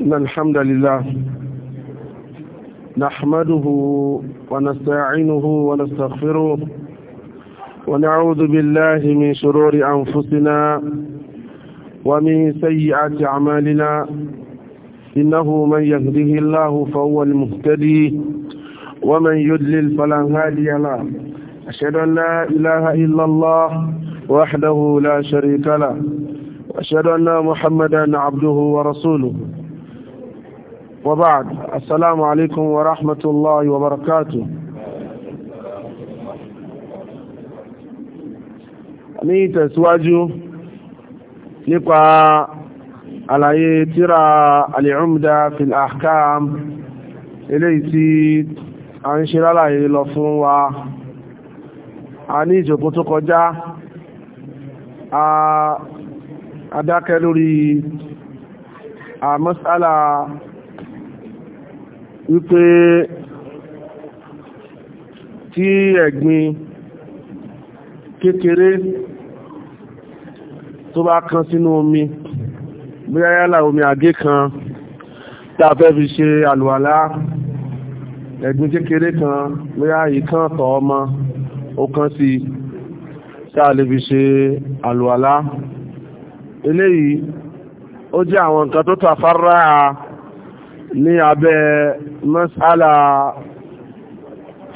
إن الحمد لله نحمده ونستعينه ونستغفره ونعوذ بالله من شرور أنفسنا ومن سيئات أعمالنا إنه من يهده الله فهو المهتدي ومن يدلل فلا هادي له أشهد أن لا إله إلا الله وحده لا شريك له وأشهد أن محمدا عبده ورسوله وبعد السلام عليكم ورحمة الله وبركاته ní ìtẹ̀síwájú nípa àlàyé tíra al-Umda fil Ahkam eléyìí tí a ń ṣe lálàyé lọ fún wa a ní ìjòkó tó kọjá a dákẹ́ lórí a mas'ala wípé tí ẹ̀gbin kékeré tó bá kan sínú omi bóyá yálà omi àgé kan tá a fẹ́ fi ṣe àlùwàlá ẹ̀gbin kékeré kan bóyá ìkan tọ̀ ọmọ ó kan sí tá a lè fi ṣe àlùwàlá eléyìí ó jẹ́ àwọn nǹkan tó tàfárá ní abẹ́ mọ́sálà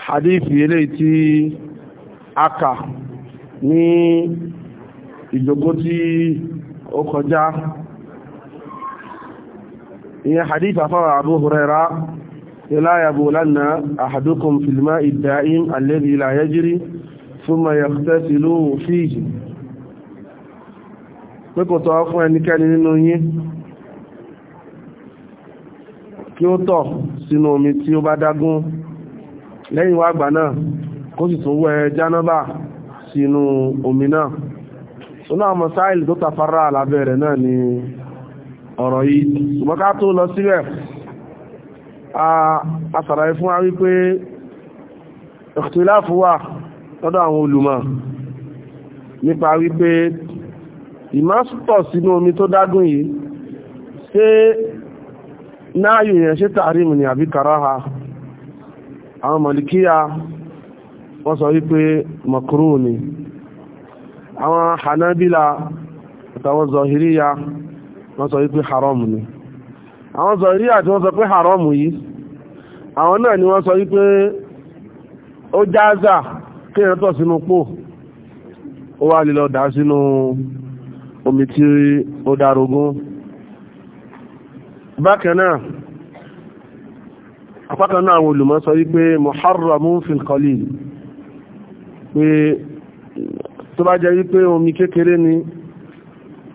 hadithi eléyìí tí a kà ní ìjòkó tí ó kọjá ìyẹn hadith afọ́wà Abu Hurairah la yabulanna ahadukum fil ma'i ad-da'im alladhi la yajri thumma yaghtasilu fihi pé kò tọ́ fún ẹnikẹ́ni nínú yín kí ó tọ̀ sínú omi tí ó bá dágún lẹ́yìn wá àgbà náà kó sì tún wẹ jánábà sínú omi náà sọ́nà àmọ́ sáìlì tó tàfárá àlábẹ́ rẹ̀ náà ni ọ̀rọ̀ yìí ṣùgbọ́n ká tó lọ síbẹ̀ a sàlàyé fún wa wípé ìkhtiláàfù wà lọ́dọ̀ àwọn olùmọ̀ nípa wípé ìmásùtọ̀ sínú omi tó dágún yìí ṣé náàyò yẹn ṣe tààrímù ni àbí kàráhà àwọn mọ̀lìkíyà wọ́n sọ wípé mọ̀kúrú ni àwọn hànábílà àtàwọn zọ̀híríyà wọ́n sọ wípé haramu ni àwọn zọ̀híríyà tí wọ́n sọ pé haramu yìí àwọn náà ni wọ́n sọ wípé ó jáza kí èèyàn tọ̀ sínú pò ó wá lílọ dà sínú omi tí ó darogún bákan náà apákan náà àwọn olùmọ̀ sọ wípé muharramun fil qalil pé tó bá jẹ́ wípé omi kékeré ni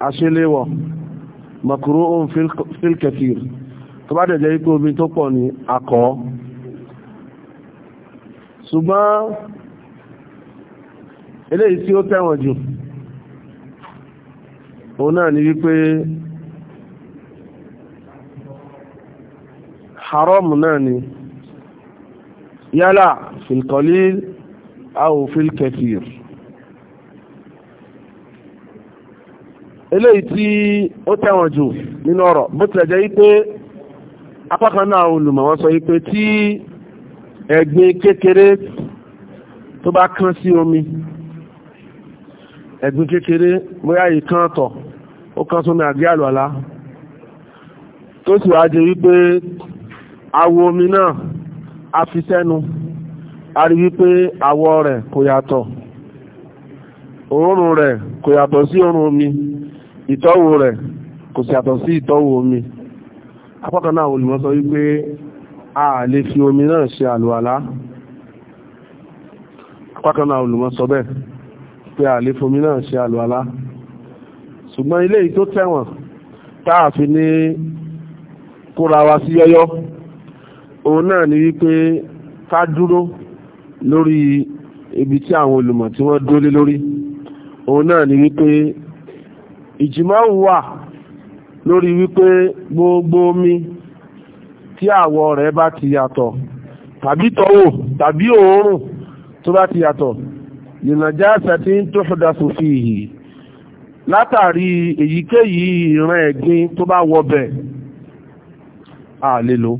àṣeléwọ̀ makruhun fil kathir tó bá dẹ̀ jẹ́ wípé omi tó pọ̀ ni akọ́ ṣùgbọ́n eléyìí tí ó tẹ̀wọ̀n jù òun náà ni wípé haram náà ni yálà filkalil aw filkatir eléyìí tí ó tẹ̀wọ̀n jù nínú ọ̀rọ̀ bó tilẹ̀ jẹ́ wípé apákan náà olùmọ̀ wọ́n sọ wípé tí ẹ̀gbin kékeré tó bá kán sí omi ẹ̀gbin kékeré bóyá ìkan tọ̀ ó kán sómi àgbé àlùwàlá tó sì wá jẹ́ wípé àwọ̀ omi náà a fi sẹ́nu a rí wípé àwọ̀ rẹ̀ kò yàtọ̀ òórùn rẹ̀ kò yàtọ̀ sí òórùn omi ìtọ́wò rẹ̀ kò sì yàtọ̀ sí ìtọ́wò omi apákan náà olùmọ̀ sọ wípé a lè fi omi náà ṣe àlùwàlá apákan náà olùmọ̀ sọ bẹ́ẹ̀ pé a lè fomi náà ṣe àlùwàlá ṣùgbọ́n ilé yìí tó tẹ̀wọ̀n táà fi ní kóra wa sí yọ́yọ́ òun náà ni wípé ká dúró lórí ibi tí àwọn olùmọ̀ tí wọ́n dúró lé lórí òun náà ni wípé ìjìmọ̀ wà lórí wípé gbogbo omi tí àwọ̀ rẹ̀ bá ti yàtọ̀ tàbí tọ́wò tàbí òórùn tó bá ti yàtọ̀ ìnàjáṣà tí ń tó ṣọ́dá sófin yìí látàrí èyíkéyìí ìran ẹ̀gbin tó bá wọbẹ̀ àlélò ah,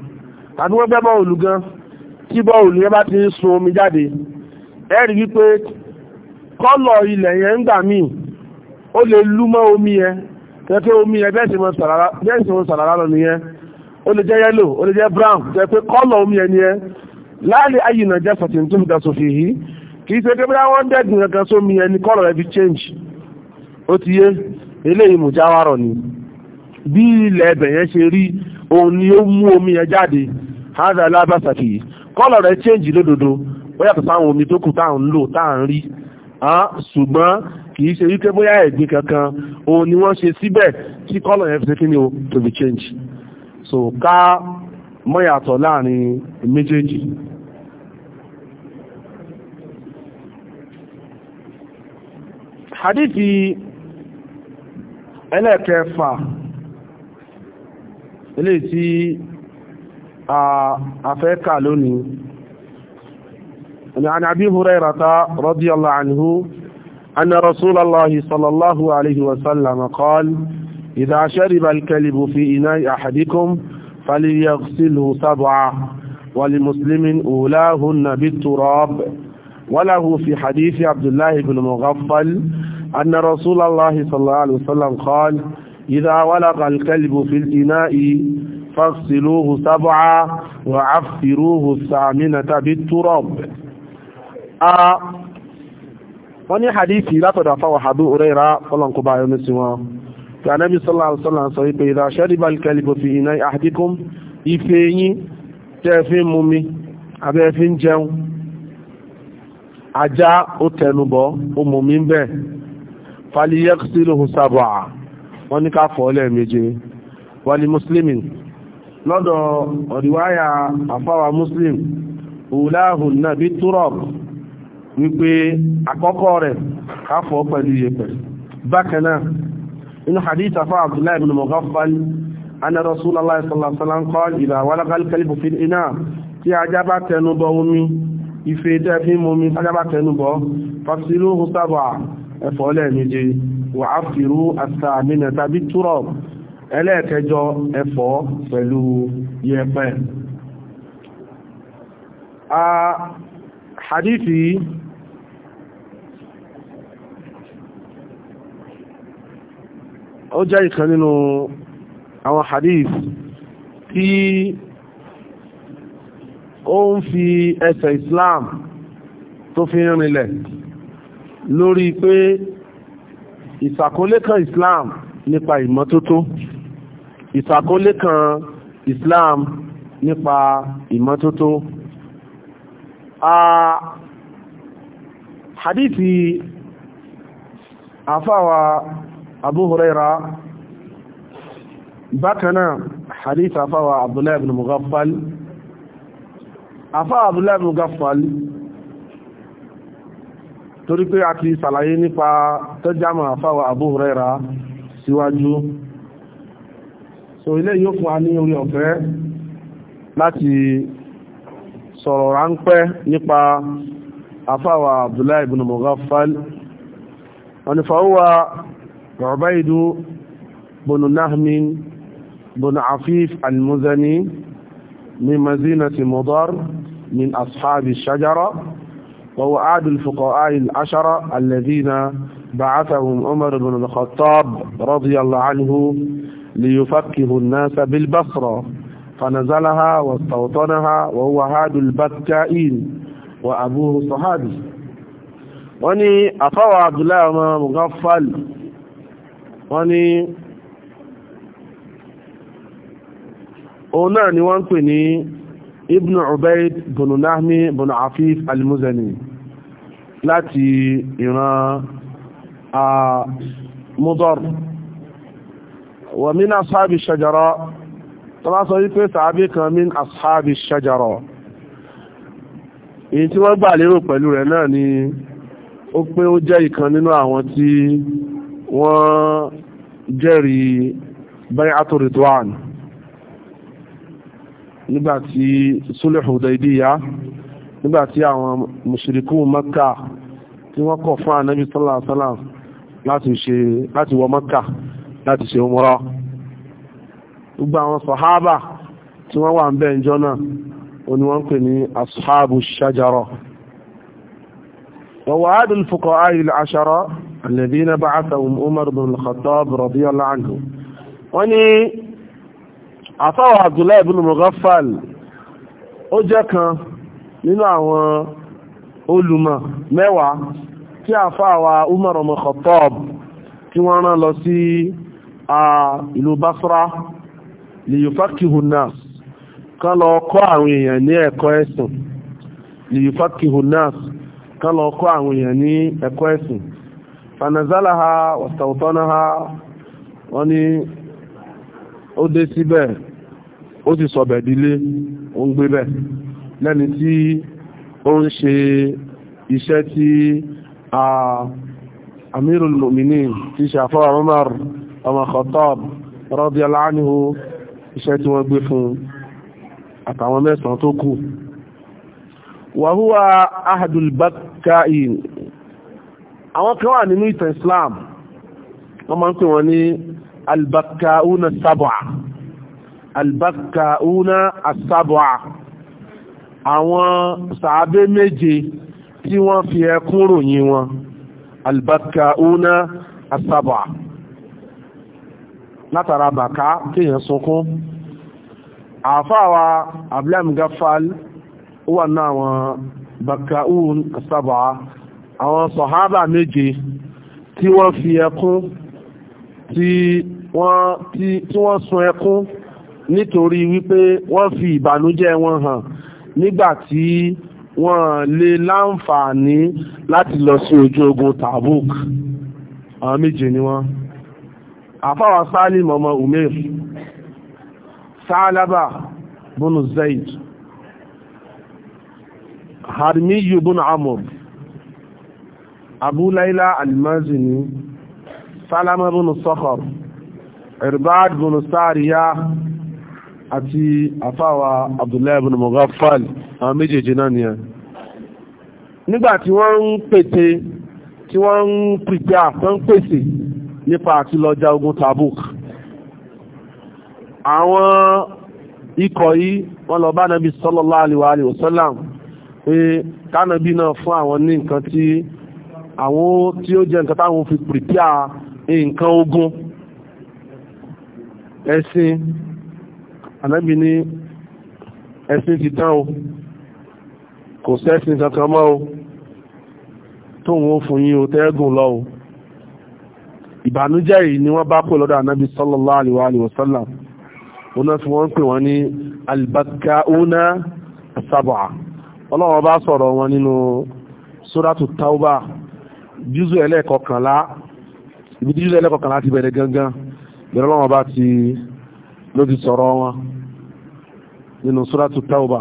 tàbí wọ́n gbẹ́ bọ́ọ̀lù gan tí bọ́ọ̀lù yẹn bá ti ń sun omi jáde ẹ wípé kọ́lọ̀ ilẹ̀ yẹn ń gbà míì lè omi yẹ tẹ́kẹ́ omi yẹn bẹ́ẹ̀ sì mọ́ sàràrà lọ nìyẹn o lè jẹ́ yẹ́lò o lè jẹ́ brown jẹ́ pé omi yẹn láàrin ayé jẹ́ tó kì í ṣe pé bóyá wọ́n dẹ́gùn ni kọ́lọ̀ rẹ̀ fi change ó ti yé eléyìí mùjáwárọ̀ ni bí ilẹ̀ ẹbẹ̀ yẹn ṣe rí òun ni ó hádà lábàṣàkì yìí kọ́lọ̀ rẹ̀ change lódodo ó yàtọ̀ sáwọn omi tó kù táà ń lò táà ń rí ah, ṣùgbọ́n kì í ṣe wípé bóyá ẹ̀gbin kankan òun ni wọ́n ṣe síbẹ̀ tí kọ́lọ̀ yẹn fi ṣe kí ni o to be change so ká mọ́yàtọ̀ láàrin méjèèjì hadithi ẹlẹ́ẹ̀kẹfà eléyìí tí afẹ́kà lónìí عن أبي هريرة رضي الله عنه أن رسول الله صلى الله عليه وسلم قال إذا شرب الكلب في إناء أحدكم فليغسله سبعا ولمسلم أولاهن بالتراب وله في حديث عبد الله بن مغفل أن رسول الله صلى الله عليه وسلم قال إذا ولغ الكلب في الإناء فاغسلوه سبعا وعفروه الثامنة بالتراب wọ́n ní hadithi látọ̀dọ̀ àfáwà àbú òrẹ́ra ọlọ́nkú bá yọmí sí wọn tí a nẹ́bí sọ́lá sọ wípé ìdá ṣẹ́dìbà kẹlìbò fi iná àdíkún ife yí tẹ́ fi ń mumi abẹ́ fi ń jẹun ajá ó tẹnubọ̀ ó mumi ń bẹ̀ faliyek sílùú sábà wọ́n ní ká fọ́ lẹ́ẹ̀méje wọ́n ní muslimin lọ́dọ̀ ọ̀dìwáyà àfáwà muslim òláhùn náà bí turab wípé àkọ́kọ́ rẹ̀ káfọ́ pẹ̀lú yẹ̀pẹ̀ bákanáà inú hadith afá abdullahi ibn mughaffal anna rasulallah sallallahu alaihi wasallam qala idha walagha al-kalbu fil ẹlẹ́ẹ̀kẹjọ ẹ̀fọ́ pẹ̀lú yẹ̀pẹ̀ a hadithi ó jẹ́ ìkan nínú àwọn hadith tí ó ń fi ẹsẹ̀ Islam tó fi rinlẹ̀ lórí pé ìsàkólé kan Islam nípa ìmọ́tótó ìsàkólé kan Islam nípa ìmọ́tótó hadithi àfáwà Abu Huraira bákanáà hadith àfáwà Abdullahi ibn Mughaffal àfáwà Abdullahi ibn Mughaffal torí pé a ti sàlàyé nípa tọ́jámọ̀ àfáwà Abu Huraira síwájú si so ilé yóò fún wa ní orí ọ̀fẹ́ láti sọ̀rọ̀ ráńpẹ́ nípa afáwà Abdullahi ibn Mughaffal wọ́n ni fàúwà Ubaidu ibn Nahmin ibn Afif al-Muzani min mazinati Mudar min ashabi shajara وهو أحد الفقهاء العشرة الذين بعثهم عمر بن الخطاب رضي الله عنه ليفكه الناس بالبصرة فنزلها واستوطنها وهو هاد البكائين وأبوه صحابي وني أفوى عبد الله مغفل وني òun náà ni wọ́n ń pè ní ibn ubaid bin nahmi bin مضر wa min asáàbì ṣajara tó bá sọ wípé sàábì kan min asáàbì ṣajara èyí tí wọ́n gbà lérò pẹ̀lú rẹ̀ náà ni ó pé ó jẹ́ ìkan nínú àwọn tí wọ́n jẹ́rìí bay'atu ridwan nígbàtí sulh Hudaybiyah nígbàtí àwọn mùṣìríkù Mẹ́kà tí wọ́n kọ̀ fún ànábì sallallahu alaihi láti wọ Mẹ́kà láti ṣe umra gbogbo àwọn sàhábà tí wọ́n wà ń bẹ́ ìjọ náà o ni wọ́n pè ní ashabu shajara wa wa'ada al-fuqaha al-ashara alladhina ba'athahum Umar ibn al-Khattab radiyallahu anhu wọ́n ni àfáwọ̀ Abdullahi ibn Mughaffal ó jẹ́ kan nínú Umar ibn tí wọ́n rán lọ sí ìlú Basra lè yóò fákihùnás kán àwọn èèyàn ní ẹ̀kọ́ ẹ̀sìn lè ha wàtàwùtọ́nà ha wọ́n ní ó dé síbẹ̀ ó sì sọ̀bẹ̀ dílé ó ń gbé bẹ̀ lẹ́ni tí ó ń ṣe iṣẹ́ tí ti ọmọ Khattab radiyallahu anhu iṣẹ́ tí wọ́n gbé fún àtàwọn mẹ́sàn tó kù wa huwa ahadul bakkain àwọn kan wà nínú ìtàn Islam wọ́n máa ń pè wọ́n ní albakkauna sab'a albakkauna asab'a àwọn sàábé méje tí wọ́n fi ẹkún ròyìn wọn albakkauna asab'a látara bàká kéèyàn sunkún àfáàwà ablam gafal ó wà náà àwọn bakaun sábà àwọn sọ̀hábà méje tí wọ́n fi ẹkún tí wọ́n sun ẹkún nítorí wípé wọ́n fi ìbànújẹ́ wọn hàn nígbàtí wọ́n lè láǹfààní láti lọ sí ojú ogun Tabuk àwọn méje ni wọ́n àfáwà Salim ọmọ Umair Sa'alaba bùnú Zaid Harmiyu bùnú Amr Abu Layla al-Mazini Salama bùnú Sakhar Irbad bùnú Sariya àti àfáwà Abdullahi bùnú Mughaffal àwọn méjèèjì náà nìyẹn nígbàtí wọ́n ń pète tí wọ́n ń pìpẹ́ àtọ́ ń pèsè nípa àti lọ́jà ogun Tabuk àwọn ikọ̀ yìí wọ́n lọ bá nàbí sallallahu alaihi wa sallam pé kánàbí náà fún àwọn ní nǹkan tí àwọn tí ó jẹ́ nǹkan táwọn fi pìrìpíà nǹkan ogun ẹ̀sìn ànábì ní ẹ̀sìn ti tán o kò sẹ́sìn kankan mọ́ o tóun ó fún yín o tẹ́gùn lọ ìbànújẹ́ yìí ni wọ́n bá kó lọ́dọ̀ anábì sallallahu alaihi wa sallam ọ̀nà tí wọ́n ń pè wọ́n ní albakauna as-sab'a ọlọ́wọ́ bá sọ̀rọ̀ wọn nínú suratu tauba júzù ẹlẹ́kọ̀ọ̀kànlá ibi júzù ẹlẹ́kọ̀ọ̀kànlá ti bẹ̀rẹ̀ gangan bẹ̀rẹ̀ ọlọ́wọ́ bá ti ló ti sọ̀rọ̀ wọn nínú suratu tauba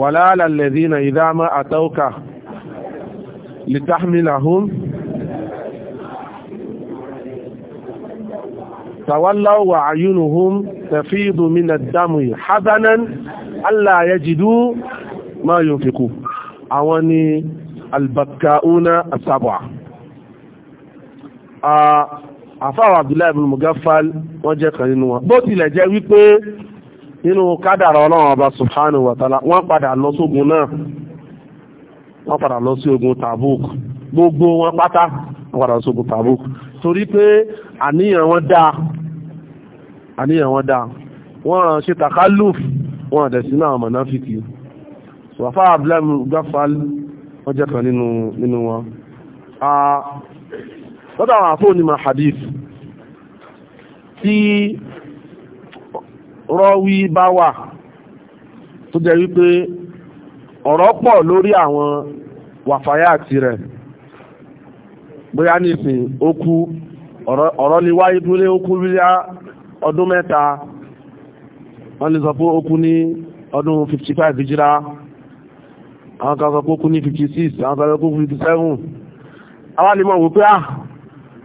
wàlá alàlẹ̀dínà ìdámá àtọ́ọ̀kà lítàmìláhùn tàwàláwò wà àyúnuhùn tàfíìdù mínà dámù hazanan aláyẹjìdú máa yóò fikú àwọn ni albakauna asabwa àfáwà abdullahi ibn mugafal wọ́n jẹ́ kan wọn bó tilẹ̀ jẹ́ wípé nínú kádàrà ọlọ́run ọba subhanahu wa ta'ala wọ́n padà lọ sógun náà wọ́n padà lọ sí ogun Tabuk gbogbo wọn pátá wọ́n padà lọ sí ogun Tabuk torí pé àníyàn wọn dáa àníyàn wọn dáa wọ́n ṣe takaluf wọ́n àdẹ̀ sínú àwọn mọ̀náfíkì wàfá abúlẹ́mù gáfàl wọ́n jẹ́ kan nínú wọn lọ́dọ̀ àwọn àfóònimọ̀ hadith tí rọ́wí bá wà tó jẹ́ wípé ọ̀rọ̀ pọ̀ lórí àwọn wàfáyàtì rẹ̀ bóyá nìsìn ó kú ọ̀rọ̀ ni wáyé dúlé ó kú bíyá ọdún mẹ́ta wọ́n lè sọ pé ó kú ní ọdún 55 hijira àwọn kan sọ pé ó ní 56 àwọn kan sọ pé ó 57 àwọn alìmọ̀ wò pé à ah,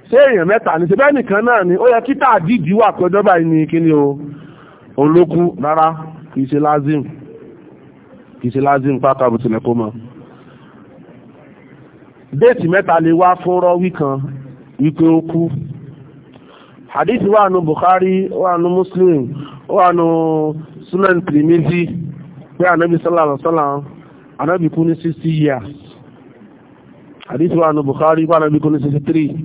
ṣé èèyàn mẹ́ta ní ṣe bẹ́ẹ̀ nìkan náà ni ó yẹ kí tàdídì wà pẹ́jọba ìní kíní o olókú rárá kìí ṣe lázim kìí ṣe lázim pátá bó tilẹ̀ kó mọ́ déètì mẹ́ta lè wá fún rọ́wí kan wípé ó kú hadith wà nù Bukhari wà nù Muslim wà nù Sunan Tirmidhi pé ànábì sallallahu alaihi wasallam kú ní 60 years Hadithi wà nù Bukhari wà ànábì kú ní 63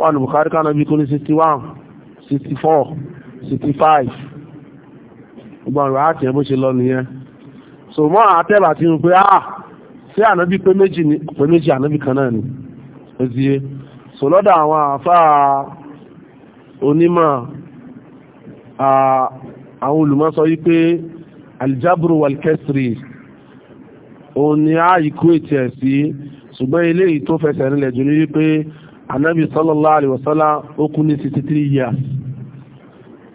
wà nù Bukhari kà ànábì kú ní 61 64 65 gbogbo àwọn ìwà àti ẹ̀ bó ṣe lọ nìyẹn so mọ́ àtẹ́bà ti ń pé ah sí ànábì pé méjì ní pé méjì ànábì kan náà ni ó ti yé so lọ́dọ̀ àwọn àfáà onímọ̀ àwọn olùmọ̀ sọ yí pé aljabru walkesri òun ni a ikú ètì ẹ̀ sí ṣùgbọ́n eléyìí tó fẹsẹ̀ nílẹ̀ jù ní wípé ànábì sallallahu alaihi wasallam ó kú ní 63 years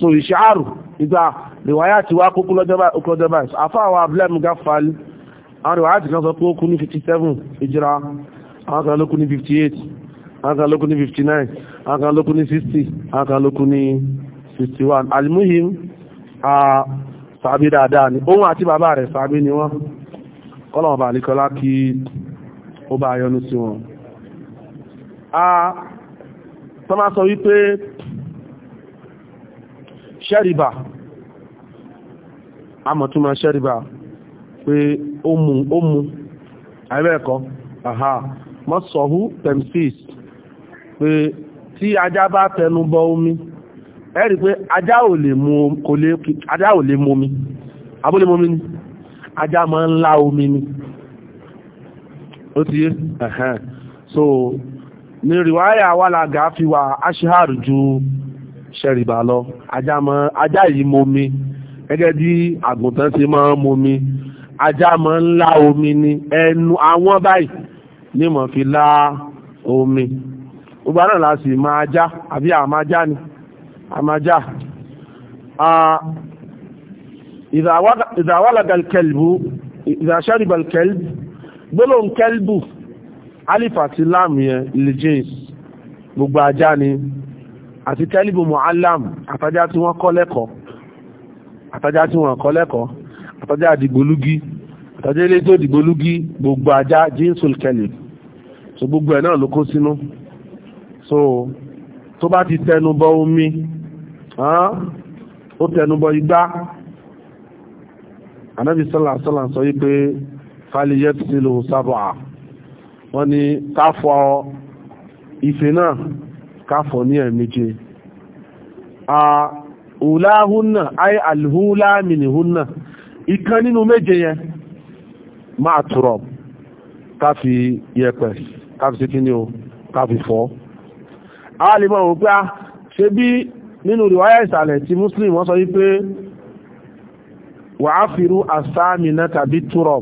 so ìṣàárù ìgbà rìwáyà ti wá kókó lọ́jọ́ báyìí afọ́ àwọn abúlẹ́mù gáfàálì àwọn rìwáyà ti kan sọ pé ó kú ní 57 ìjìra àwọn kan ló kú ní 58 àwọn kan ló ní 59 àwọn ní 60 àwọn ní 61 alimuhim a sàbí dáadáa ni òun àti bàbá rẹ̀ sàbí ni wọ́n kọ́lọ̀wọ̀n bà nìkọlá kí ó a tọ́má sọ ṣẹ́rìbà amọ̀túnmọ̀ ṣẹ́rìbà pé ó mu ó mu àìbẹ́ẹ̀kọ́ àhà mọ́sọ̀hú tẹ̀msís pé tí ajá bá tẹnu bọ omi ẹ̀rí pé ajá ò lè mu omi abúlé mu omi ni ajá máa ń lá omi ni ó ti yé ẹ̀hẹ́n so ni rìwáyà wà lága fi wà aṣíhàrù ju ṣẹ̀rìbà lọ ajá yìí momi gẹ́gẹ́ bí àgùntàn ti máa ń momi ajá máa ń lá omi ni ẹnu àwọn báyìí ní mọ̀ fi lá omi gbogbo náà la sì máa já àbí àmájá ni àmájá ìdáwálàgà kẹlbù ìdáṣẹ́rìbà kẹlbù gbólóhùn kẹlbù alifa ti láàmù yẹn lè jíǹsì gbogbo ajá ni àti tẹ́lìbù mu'allam àtàjá tí wọ́n kọ́ lẹ́kọ̀ọ́ àtàjá tí wọ́n kọ́ lẹ́kọ̀ọ́ àtàjá àdìgbòlúgí àtàjá ilé tó dìgbòlúgí gbogbo ajá jinsul kelib so gbogbo ẹ̀ náà ló kó sínú so tó bá ti tẹnubọ omi ó tẹnubọ igbá anábi sọ́là sọ́là sọ wípé fàlìyẹ́ sílò sábà wọ́n ni káfọ́ ife náà káfọ̀ ní ẹ̀méje a hùláhúnnà ay alhúlámìnìhúnnà ìkan nínú méje yẹn máa tùrọ̀ káfí yẹpẹ̀ káfí sí kíní o káfí fọ́ a lè mọ̀ wọ́n pé a ṣe bí nínú ríwáyà ìsàlẹ̀ tí muslim wọ́n sọ wípé wà á fìrú àsáàmìnà tàbí tùrọ̀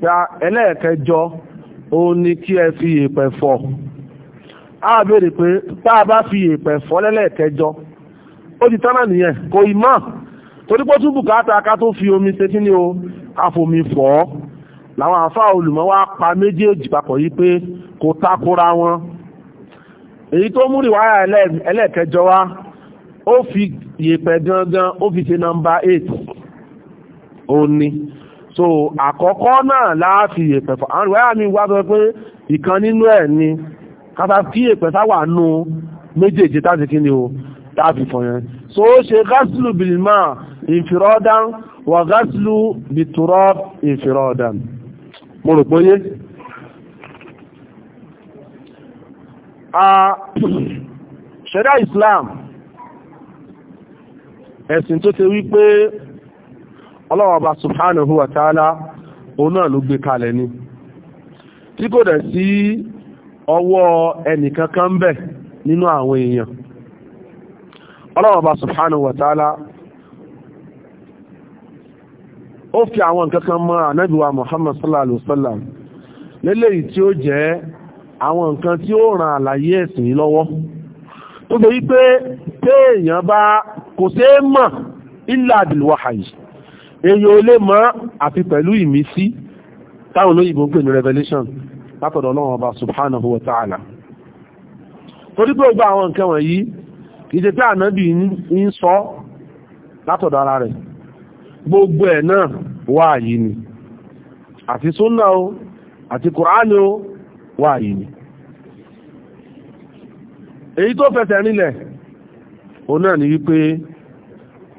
pé ẹlẹ́ẹ̀kẹjọ ó ní kí ẹ fi yẹpẹ̀ fọ́ a béèrè pé tá a bá fi èèpẹ̀ fọ́lẹ́lẹ̀ kẹjọ ó ti tán náà nìyẹn kò ì mọ̀ torí pé tún bùkátà ká tó fi omi ṣe kí ni o àfòmí fọ́ làwọn àfa olùmọ̀ wá pa méjèèjì papọ̀ yìí pé kò takora wọn èyí tó mú ìwáyà ẹlẹ́ẹ̀kẹjọ wá ó fi yèèpẹ̀ gangan ó fi ṣe nọmba eight ó ní so àkọ́kọ́ náà láàfi yèèpẹ̀ fọ́ àwọn ìwáyà mi wá sọ pé ìkan nínú ẹ̀ ni kátà kí èpẹ̀ sáwà nú méjèèjì táti kí ni o táàfi fọ̀ yẹn so ó ṣe gásìlù bìlìmà ìfìrọ́dán wà gásìlù bìtúrọ́ ìfìrọ́dán mo rò pé yé ṣẹ̀dá Islam ẹ̀sìn tó ti wí pé ọlọ́wọ̀ba subhanahu wa ta'ala òun náà ló gbé kalẹ̀ ni tí kò dẹ̀ sí ọwọ́ ẹnìkankan bẹ̀ nínú àwọn èèyàn Ọlọ́run Ọba subhanahu wa ta'ala ó fi àwọn nǹkankan mọ́ Ànábì wa Muhammad sallallahu alaihi wasallam lélèyìí tí ó jẹ́ àwọn nǹkan tí ó ràn àlàyé ẹ̀sìn lọ́wọ́ tó bẹ̀ yí pé téèyàn bá kò sé mọ̀ illa bil wahyi èèyàn lè mọ̀ àfi pẹ̀lú ìmísí táwọn olóyìnbó ń pè ní revelation látọ̀dọ̀ ọlọ́run ọba subhanahu wa ta'ala torí pé gbogbo àwọn nǹkan wọ̀nyí kìí ṣe pé ànábì ń sọ látọ̀dọ̀ ara rẹ̀ gbogbo ẹ̀ náà wáàyí ni àti súnà o àti kùránì o wáàyí ni èyí tó fẹsẹ̀ nílẹ̀ òun náà ni wípé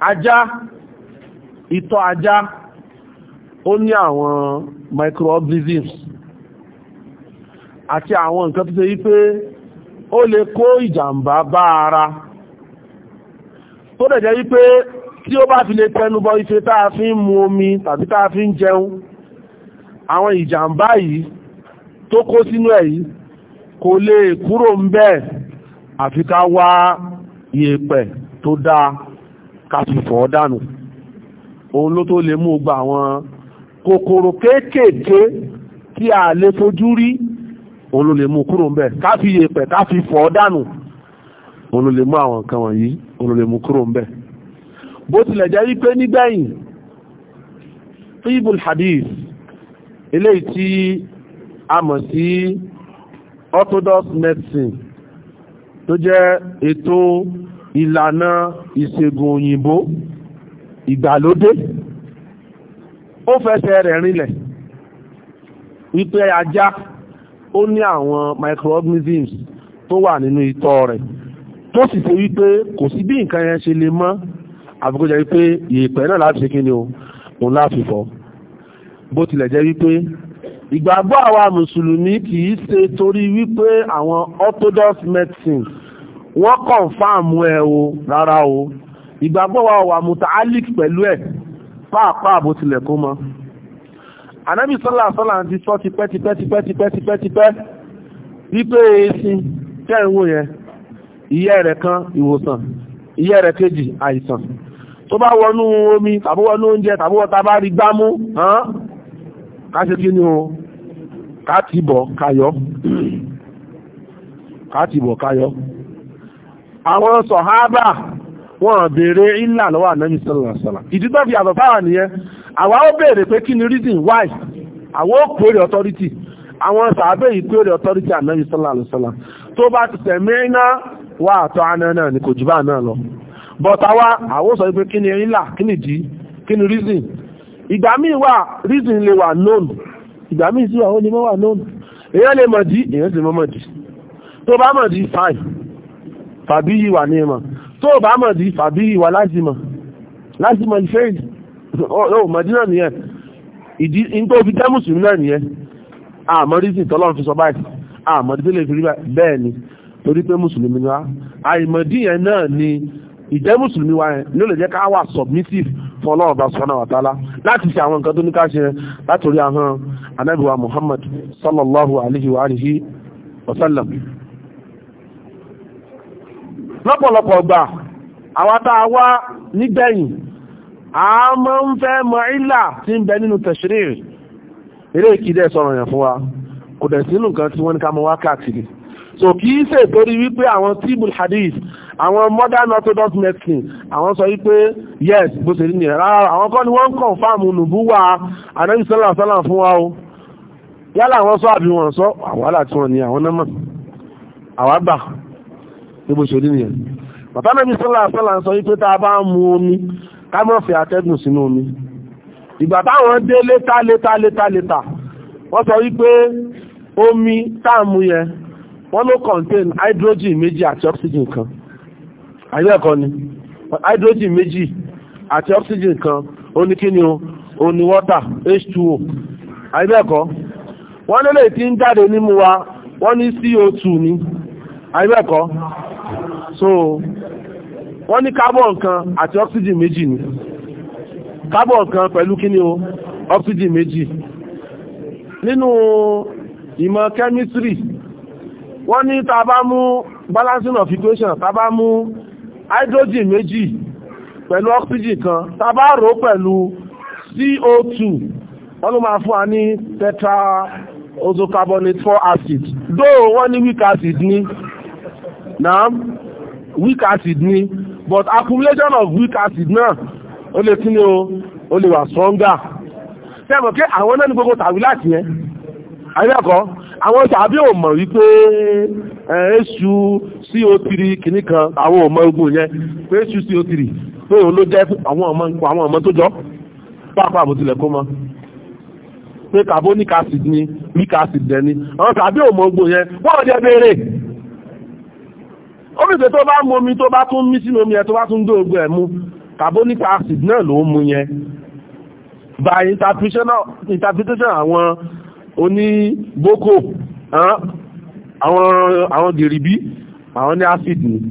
ajá ìtọ̀ ajá ó ní àwọn microorganisms àti àwọn nǹkan tó ṣe wípé ó lè kó ìjàmbá bá ara tó dẹ̀jẹ́ wípé tí ó bá fi lè tẹnubọ ife táa fi ń mu omi tàbí táa fi ń jẹun àwọn ìjàmbá yìí tó kó sínú ẹ̀ yìí kò lè kúrò ń bẹ́ẹ̀ àfi ká wá yèèpẹ̀ tó dáa ká sì fọ́ dànù òun ló tó lè mú gba àwọn kòkòrò kéékèèké tí a lè fojú rí òun ló lè mú kúrò ń bẹ̀ ká fi yèèpẹ̀ ká fi fọ̀ ọ́ dànù òun ló lè mú àwọn nǹkan wọ̀nyí òun lè mú kúrò ń bó tilẹ̀ jẹ́ wípé nígbẹ̀yìn tíbul hadith eléyìí tí a mọ̀ sí orthodox medicine tó jẹ́ ètò ìlànà ìṣègùn òyìnbó ìgbàlódé ó fẹsẹ̀ rẹ̀ rinlẹ̀ wípé ajá ó ní àwọn microorganisms tó wà nínú itọ́ rẹ̀ tó sì ṣe wípé kò sí bí nǹkan yẹn ṣe lè mọ́ àfikún jẹ́ wípé ìyèpẹ̀ náà láti ṣe kí ni o òun láti fọ́ bó tilẹ̀ jẹ́ wípé ìgbàgbọ́ àwa mùsùlùmí kì í ṣe torí wípé àwọn orthodox medicine wọ́n kọ̀ǹfàmù ẹ̀ o rárá o ìgbàgbọ́ wa wà mùtàálìk pẹ̀lú ẹ̀ pàápàá bó tilẹ̀ kó mọ́ anábì sọ́lá sọ́lá ti sọ ti pẹ́ ti pẹ́ ti pẹ́ ti pẹ́ ti pẹ́ ti pẹ́ wípé esin tẹ́ ń wò yẹn ìyẹ́ rẹ̀ kan ìwòsàn ìyẹ́ rẹ̀ kejì àìsàn tó bá wọnú omi tàbí wọnú oúnjẹ tàbí wọta bá rí gbámú hàn ká ṣe kí ni o ká ti bọ̀ kayọ́ ká ti bọ̀ kayọ́ àwọn sọ̀háábà wọ́n béèrè ìlà lọ́wọ́ ànábì sọ́lá sọ́lá ìdí tó fi àtọ̀fáwà nìyẹn àwa ó béèrè pé kí reason why àwọn ó pèrè authority àwọn sàábẹ̀ yìí pèrè authority ànábì sallallahu alaihi tó bá ti tẹ̀mí iná wà àtọ́ aná náà ni kò jù bá náà lọ but àwa àwọn sọ pé kí ni kí reason ìgbà míì wà reason lè wà known ìgbà míì sí wà ó known èèyàn lè mọ̀ dí èèyàn mọ̀ dí tó bá mọ̀ dí fine fàbí yìí wà ní ìmọ̀ tó bá mọ̀ dí yìí wà ó Mẹdínà nìyẹn ìdí nítorí òfin jẹ́ mùsùlùmí náà nìyẹn àmọ́ rísìn tọ́lọ́run fi sọ báyìí àmọ́ dídélé fi rí bẹ́ẹ̀ ni torí pé mùsùlùmí wa àìmọ̀dí yẹn náà ni ìjẹ́ mùsùlùmí wa yẹn ló lè jẹ́ ká wà submissive fún ọlọ́run bá subhanahu wa ta'ala láti ṣe àwọn nǹkan tó ní ká ṣe látòrí ahọ́n ànábì wa Muhammad sallallahu alayhi wa alihi wa sallam. lọ́pọ̀lọpọ̀ gbà àwa tá a wá nígbẹ̀yìn a máa ń fẹ́ mọ̀ ìlà tí ń bẹ nínú tẹ̀ṣírí eré ìkìdẹ́ sọ̀rọ̀ yẹn fún wa kò dẹ̀ sínú nǹkan tí wọ́n ní ká mọ wákàtí so kì í ṣe torí wípé àwọn tíbul hadith àwọn modern orthodox medicine àwọn sọ wípé yes bó ṣe rí nìyẹn rárá àwọn kọ́ ni wọ́n ń kọ̀nfàmù nùbúwà ànábì sọ́là sọ́là fún wa o yálà àwọn sọ àbí wọn sọ àwàlà tí wọn ni àwọn náà mọ̀ àwàgbà ní bó ṣe rí nìyẹn bàtà náà bí sọ́là sọ́là sọ wípé tá a bá ń omi ká fi fẹ́ atẹ́gùn sínú omi ìgbà táwọn dé létà létà létà létà wọ́n sọ wípé omi táàmù yẹn wọ́n ló contain hydrogen méjì àti oxygen kan ayé ẹ̀kọ́ ni hydrogen méjì àti oxygen kan oníkíni o oní water H2O ayé ẹ̀kọ́ wọ́n lélẹ̀ tí ń jáde nímú wa wọ́n ní CO2 ni ayé ẹ̀kọ́ so wọ́n ní carbon kan àti oxygen méjì ni carbon kan pẹ̀lú kíní o oxygen méjì nínú ìmọ̀ chemistry wọ́n ní tá bá mú balancing of equation tá bá mú hydrogen méjì pẹ̀lú oxygen kan tá bá rò pẹ̀lú CO2 wọ́n ló máa fún wa ní tetra ozocarbonate 4 acid dóò wọ́n ní weak acid ní naam weak acid ní but accumulation of weak acid náà ó lè kí ni o ó lè wà stronger tẹ́mọ̀ kí àwọn náà ní gbogbo tàbí láti yẹn àríyàkọ́ àwọn tàbí ò mọ̀ wípé ẹ̀ẹ́sù co3 kìíní kan àwọn ọmọ ogun yẹn pé ẹ̀ẹ́sù co3 pé òun ló jẹ́ àwọn ọmọ tó jọ pápá àbòtilẹ̀ kó mọ́ pé carbonic acid ni weak acid dẹ̀ ni àwọn tàbí ò mọ̀ ogun yẹn wọ́n ò jẹ́ béèrè pé tó bá mú omi tó bá tún mí sínú omi ẹ tó bá tún dóògbé ẹ̀ mú carbonic acid náà ló mú yẹn by interpretation àwọn oní boko àwọn gèrìbí àwọn ní acid ni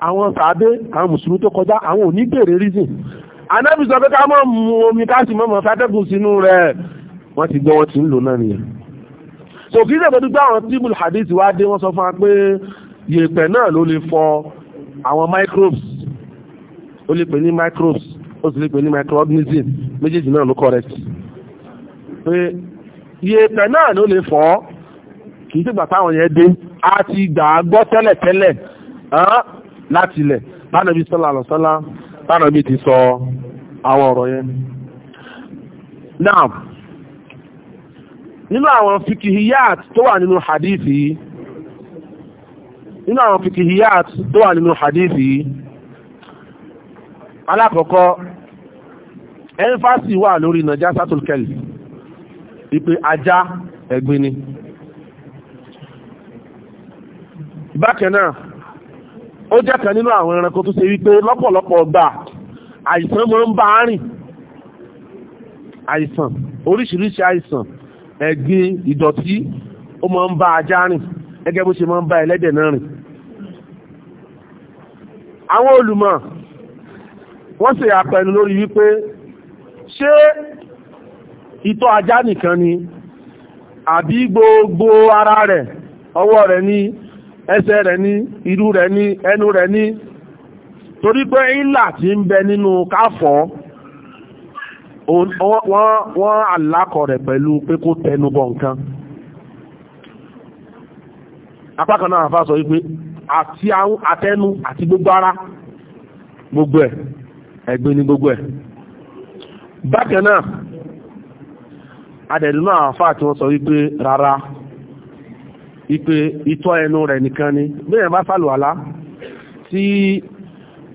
àwọn tàbí àwọn mùsùlùmí tó kọjá àwọn ò ní bèèrè reason anẹ́bì sọ pé ká mọ́ mú omi káàsì mọ́mọ́ fẹ́tẹ́kùn sínú rẹ̀ wọ́n ti gbọ́ wọn ti ń lò náà nìyẹn so kí ní ẹ̀bẹ̀dúgbà àwọn tíbùl hadith wá dé wọ́n sọ fún wa pé yèèpẹ̀ náà ló lè fọ àwọn microbes ó lè pè ní microbes ó sì lè pè ní microorganism méjèèjì náà ló correct pé yèèpẹ̀ náà ló lè fọ́ kì í sígbà táwọn yẹn dé a ti gbà á gbọ́ tẹ́lẹ̀tẹ́lẹ̀ láti ilẹ̀ bánàbí sọ́lá àlọ́sọ́lá bánàbí ti sọ àwọn ọ̀rọ̀ yẹn now nínú àwọn fikihiyat tó wà nínú hadithi yìí nínú àwọn fikihiyat tó wà nínú hadithi alákọ̀ọ́kọ́ ẹnfásì wà lórí najasatul kalbi ìpé ajá ẹ̀gbin ni bákanáà ó jẹ́ nínú àwọn ẹranko tó ṣe wípé lọ́pọ̀lọpọ̀ ọgbà àìsàn mọ́ ń bá rìn àìsàn oríṣiríṣi àìsàn ẹ̀gbin ìdọ̀tí ó mọ́ ń bá ajá rìn gẹ́gẹ́ bó ṣe máa ń bá ẹlẹ́dẹ̀ náà rìn àwọn olùmọ̀ wọ́n sì àpẹnu lórí wípé ṣé ìtọ̀ ajá nìkan ni àbí gbogbo ara rẹ̀ ọwọ́ rẹ̀ ní ẹsẹ̀ rẹ̀ ní irú rẹ̀ ní ẹnu rẹ̀ ní torí pé ìlà tí ń bẹ nínú káfọ́ wọ́n alákọ̀ rẹ̀ pẹ̀lú pé kó tẹnubọ̀ nǹkan apákan náà àfá sọ wípé àti àwọn àtẹnu àti gbogbo ara gbogbo ẹ̀ ẹ̀gbin ni gbogbo ẹ̀ bákan náà adẹ̀lú náà àfá tí wọ́n sọ wípé rárá wípé ìtọ́ ẹnu rẹ̀ nìkan ni bí ẹ̀ bá sàlùwàlá tí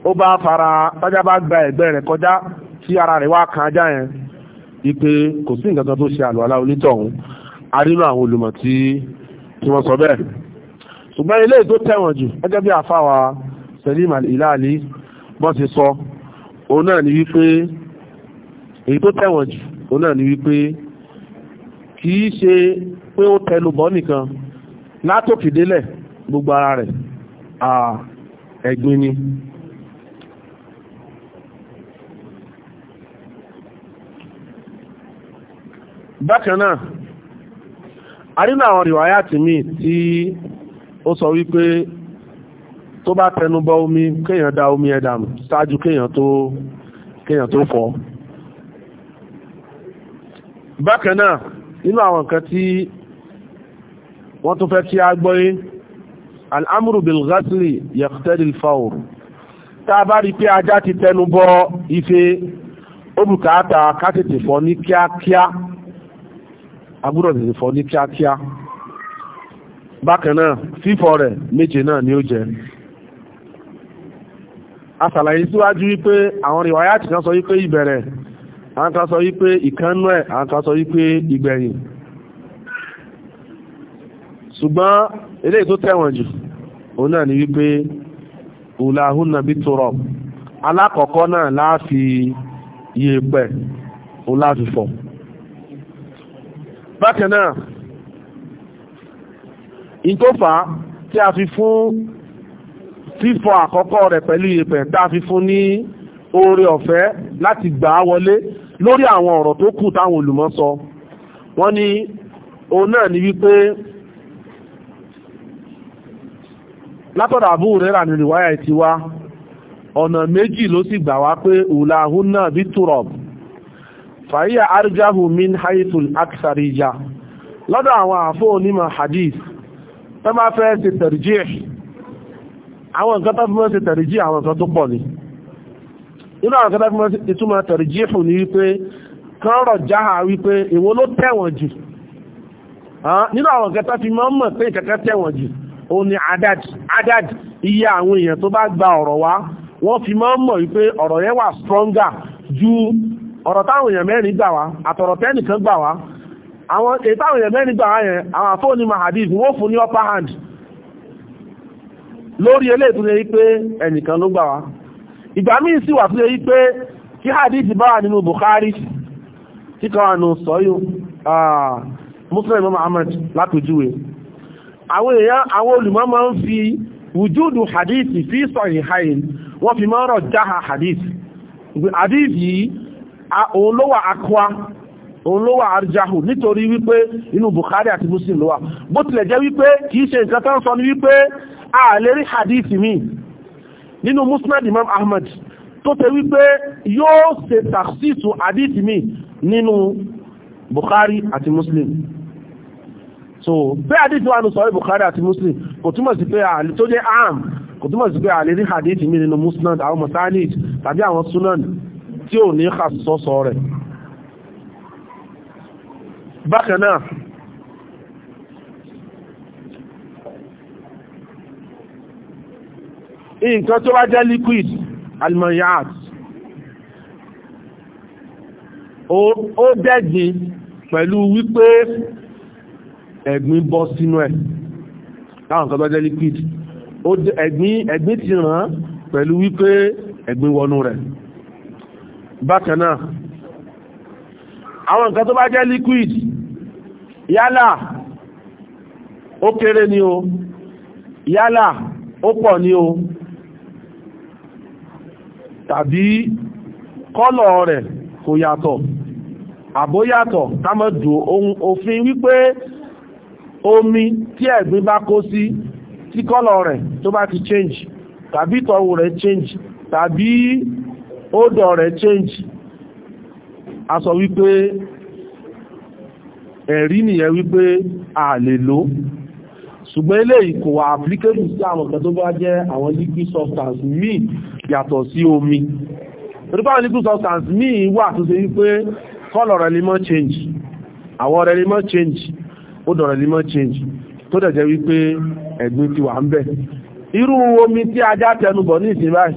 ó bá fara tájá bá gba ẹ̀gbẹ́ rẹ̀ kọjá tí ara rẹ̀ wá kan ajá yẹn wípé kò sí nǹkan kan tó ṣe àlùwàlá onítọ̀hún a àwọn olùmọ̀ tí wọ́n sọ bẹ́ẹ̀ ṣùgbọ́n ilé tó tẹ̀wọ̀n jù gẹ́gẹ́ bí àfáwà Salim al-Hilali bọ́n ti sọ òun náà ni wípé èyí tó tẹ̀wọ̀n jù òun náà ni wípé kì í ṣe pé ó tẹnubọ́ nìkan látòkìdélẹ̀ gbogbo ara rẹ̀ ẹ̀gbin ni bákan náà a nínú àwọn rìwáyà tí ó sọ wípé tó bá tẹnubọ omi kéèyàn da omi ẹ̀ dànù ṣáájú kéèyàn tó kéèyàn tó fọ̀ bákan náà nínú àwọn nǹkan tí wọ́n tún fẹ́ kí a gbọ́yé al'amuru bil ghasli yaqtadi al-fawr tá bá rí pé ajá ti tẹnu ife ó bùkátà ká tètè fọ̀ ní kíákíá a gbọ́dọ̀ tètè fọ̀ ní kíákíá bákan náà fífọ rẹ̀ méje náà ni ó jẹ. asàlàyé síwájú wípé àwọn rìwáyà tí kan sọ wípé ìbẹ̀rẹ̀ àwọn kan sọ wípé ìkánú ẹ̀ àwọn kan sọ wípé ìgbẹ̀yìn ṣùgbọ́n eléyìí tó tẹ̀wọ̀n jù òun náà ni wípé bi alákọ̀ọ́kọ́ náà láàfi bákan ìtòfà tí a fi fún fífọ àkọ́kọ́ rẹ̀ pẹ̀lú ìyẹ̀pẹ̀ tá a fi fún ní oore ọ̀fẹ́ láti gbà á wọlé lórí àwọn ọ̀rọ̀ tó kù táwọn olùmọ̀ sọ wọ́n ní òun náà ni wípé látọ̀dà Abu Hurairah ní ìwáyà ti wá ọ̀nà méjì ló sì gbà wá pé ulahun náà bí turab fàíyà arjahu min haithul aksarija lọ́dọ̀ àwọn àfóò onímọ̀ hadith tó bá fẹ́ ṣe tẹ̀rìjí ẹ̀ àwọn nǹkan tó fi mọ́ ṣe tẹ̀rìjí àwọn nǹkan tó pọ̀ ní nínú àwọn nǹkan tó fi tẹ̀rìjí fún ní wípé kọ́rọ̀ jáhà wípé èwo ló tẹ̀wọ̀n jù nínú àwọn nǹkan tó fi mọ́ mọ̀ pé tẹ̀wọ̀n jù ó ní iye àwọn èèyàn tó bá gba ọ̀rọ̀ wá wọ́n fi mọ́ mọ̀ wípé ọ̀rọ̀ yẹn ju ọ̀rọ̀ táwọn èèyàn mẹ́rin gbà wá àtọ̀rọ̀ àwọn ìtàwọn èèyàn mẹ́rin gbà yẹn àwọn àfóòní mahadif wọ́n fún ní upper hand lórí eléyìí tó lè pé ẹnìkan ló gbà wá ìgbà míì sì wà tó pé kí hadith bá wà nínú Bukhari tí kan wà nù sọ́yù Muslim Muhammad lápèjúwe àwọn èèyàn àwọn ń fi wùjúdù hadith fi sọ̀yìn hain wọ́n fi máa jaha hadith hadith òun ló wà arjahu nítorí wípé inú Bukhari àti Muslim ló wà bó tilẹ̀ jẹ́ wípé kìí ṣe nǹkan tán sọ ní wípé a lè rí hadith mi nínú Musnad Imam Ahmad tó tẹ wípé yóò ṣe tàṣíṣù hadith mi nínú Bukhari àti Muslim so bẹ́ẹ̀ hadith wà ní sọ̀rọ̀ Bukhari àti Muslim kò túmọ̀ sí pé àlè tó jẹ́ am kò túmọ̀ sí pé àlè rí hadith mi nínú Musnad àwọn masanid tàbí àwọn sunan tí ò ní kà sọ́sọ bákan náà nǹkan tó bá jẹ́ liquid almanyat ó dẹ̀gbin pẹ̀lú wípé ẹ̀gbin bọ́ sínú ẹ̀ láwọn nǹkan tó jẹ́ liquid ẹ̀gbin ti ràn pẹ̀lú wípé ẹ̀gbin wọnú rẹ̀ bákan àwọn nǹkan tó bá jẹ́ liquid yálà ó kéré ni o yálà ó pọ̀ ni o tàbí kọ́lọ̀ rẹ̀ kò yàtọ̀ àbóyàtọ̀ támọ́dù òfin wípé omi tí ẹ̀gbin bá kó sí tí kọ́lọ̀ rẹ̀ tó bá ti change tàbí ìtọ̀wò rẹ̀ change tàbí ódọ̀ rẹ̀ change a sọ ẹ̀rí nìyẹn wípé a lè lo ṣùgbọ́n eléyìí kò wà applicable sí àwọn ọ̀kan tó bá jẹ́ àwọn liquid substance míì yàtọ̀ sí omi liquid substance wà tó ṣe wípé rẹ̀ lè mọ́ change àwọ̀ rẹ̀ lè mọ́ change lè mọ́ change tó wípé ti wà ń bẹ̀ irú omi tí ní ìsìn báyìí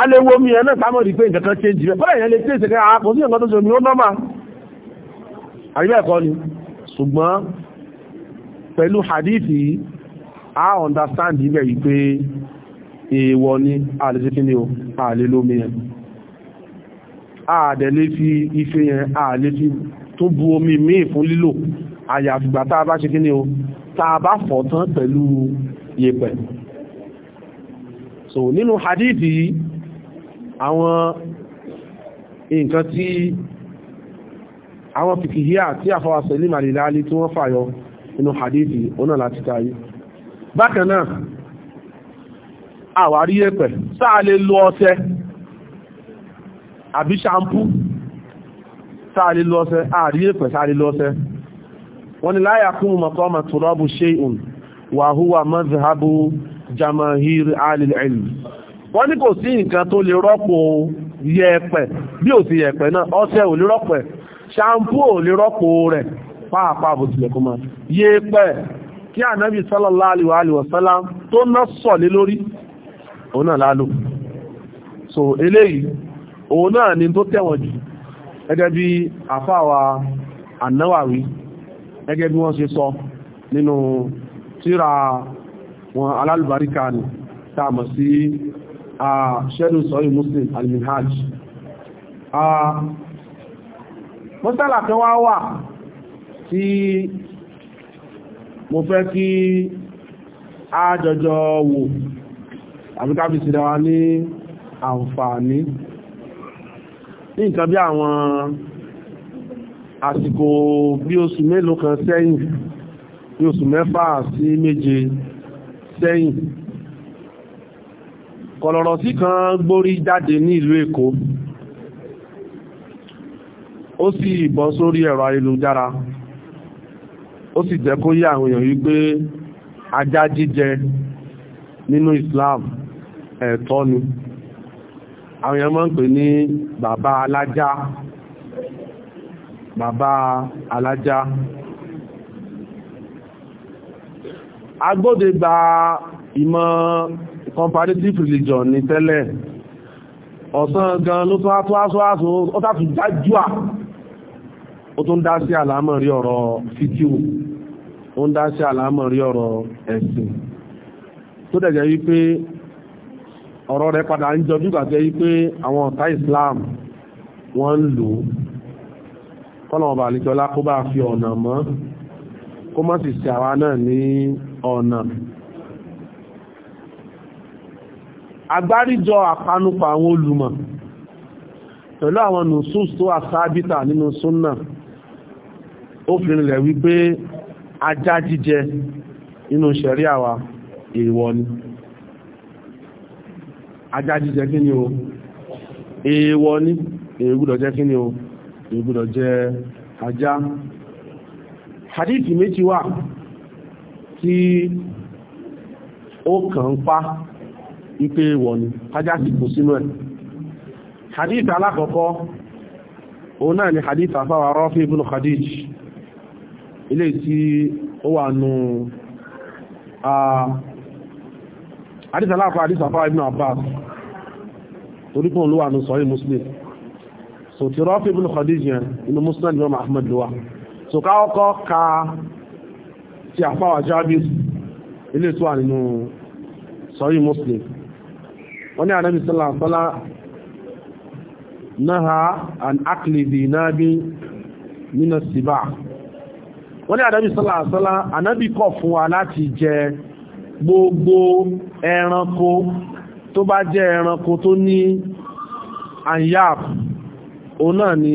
a lè wo omi ẹ̀ náà sámọ̀ rí pé nǹkan kan change bẹ́ẹ̀ lè tẹ̀sẹ̀ kẹ́ àkọsí nǹkan tó ṣe omi àríbẹ̀ẹ̀kọ́ ni ṣùgbọ́n pẹ̀lú hadithi a understand ibẹ̀ wípé èèwọ̀ ni àlèsíkíní o àlèlómi ẹ̀ àdẹ̀lé fi ife yẹn àlè fi tó bu omi míì fún lílò àyàfìgbà tá a bá ṣe kíní o tá a bá fọ̀ tán pẹ̀lú yẹ̀pẹ̀ so nínú hadithi àwọn nǹkan tí àwọn fìkìhíà tí àfọwà sẹ̀lìm àlìláàlì tí wọ́n fàyọ inú hadithi ọ̀nà láti tayé bákan náà àwárí ẹ̀pẹ̀ sáà lè lo ọṣẹ àbí ṣampú sáà lè lo ọṣẹ àrí ẹ̀pẹ̀ sáà lè lo ọṣẹ wọ́n ni láyà kún mọ̀kọ́mọ̀ tùrọ́bù ṣe'un wà húwà mazhabu jamahir alìlẹ̀lì wọ́n ní kò sí nǹkan tó lè rọ́pò yẹ̀pẹ̀ bí ò sí yẹ̀pẹ̀ náà ọṣẹ ò lè rọ́pò ẹ̀ ṣàǹpù ò lè rọ́pò rẹ̀ pàápàá bó tilẹ̀ kó máa yé pẹ́ kí ànábì sallallahu alaihi wa sallam tó ná sọ̀ lé lórí òun náà lálò so eléyìí òun náà ni tó tẹ̀wọ̀n jù gẹ́gẹ́ bí àfáwà ànáwàwí gẹ́gẹ́ bí wọ́n ṣe sọ nínú tíra wọn alálùbáríkà ni tààmà sí ṣẹ́dùn ah, sọ́yìn muslim al mọ́sálà kan wá wà tí mo fẹ́ kí a jọjọ wò àbí ká fi síra wa ní àǹfààní ní nǹkan bí àwọn àsìkò bí oṣù mélòó kan sẹ́yìn bí oṣù mẹ́fà sí méje sẹ́yìn kọ̀lọ̀rọ̀ sí kan gbórí jáde ní ìlú Èkó ó sì bọ́ sórí ẹ̀rọ ayélujára ó sì jẹ́ kó yé àwọn èèyàn wípé ajá jíjẹ nínú Islam ẹ̀tọ́ ni àwọn èèyàn máa ń pè ní bàbá alájá bàbá alájá agbóde gba ìmọ̀ comparative religion ní tẹ́lẹ̀ ọ̀sán gan ló tó á tó á ó tàbí dájúà ó tún dá sí àlámọ̀rí ọ̀rọ̀ fítíwò ó ń dá sí àlámọ̀rí ọ̀rọ̀ ẹ̀sìn tó dẹ̀jẹ̀ wípé ọ̀rọ̀ rẹ̀ padà ń jọ bígbà wípé àwọn ọ̀tá Islam wọ́n ń lò kọ́lọ̀wọ̀n bà níjọlá kó bá fi ọ̀nà mọ́ kó mọ́ sì sí àwa náà ní ọ̀nà agbáríjọ àpanupọ̀ àwọn olùmọ̀ pẹ̀lú àwọn nùsùs tó wà nínú súnnà ó fi rinlẹ̀ wípé ajá jíjẹ inú ṣẹ̀ríà wa èèwọ̀ ni ajá jíjẹ kí ni o èèwọ̀ ni èègùdọ̀ jẹ́ kí ni o èègùdọ̀ jẹ́ ajá hadithi méjì wà tí ó kàn ń pa ipé wọ̀ ni ajá sì kò sínú ẹ̀ hadith alákọ̀ọ́kọ́ òun náà ni hadith afáwà Rafi ibn Khadij ilé tí ó wà nù àdísà láàfà àdísà fà ibn Abbas torípò ló wà nù sọ́yí Muslim so ti rọ́fí ibn Khadij yẹn inú Muslim Imam Ahmad ló so káwọ́kọ́ ka ti àpáwà Jabir ilé tó wà nínú sọ́yí Muslim wọ́n ní ànábì sallallahu alaihi naha an akli dinabi min siba wọ́n ní àdábì sọ́lá àsọ́lá ànábì kọ̀ fún wa láti jẹ gbogbo ẹranko tó bá jẹ́ ẹranko tó ní anyap òun náà ni